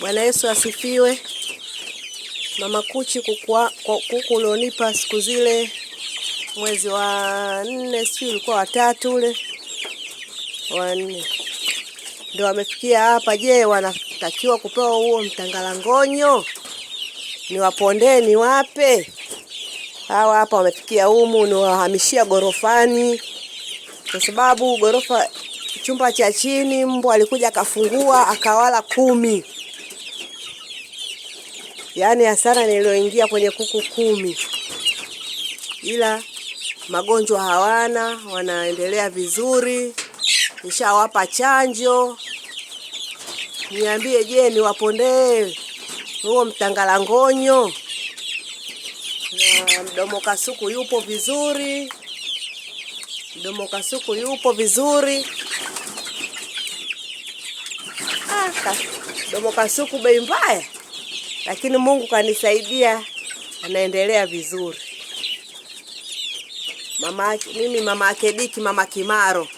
Bwana Yesu asifiwe. Mama Kuchi, kuku ulionipa siku zile mwezi wa nne, sijui ulikuwa watatu ule wa nne, ndio wamefikia hapa. Je, wanatakiwa kupewa huo mtangalangonyo? Niwapondee ni wape? Hawa hapa wamefikia humu, niwahamishia gorofani, kwa sababu gorofa chumba cha chini mbwa alikuja akafungua akawala kumi yaani hasara niliyoingia kwenye kuku kumi, ila magonjwa hawana, wanaendelea vizuri, nishawapa chanjo. Niambie, je, niwapondee huo mtangalangonyo? Na mdomo kasuku yupo vizuri, mdomo kasuku yupo vizuri. Ah, mdomo kasuku bei mbaya lakini Mungu kanisaidia, anaendelea vizuri. Mama mimi mama Akediki, mama Kimaro.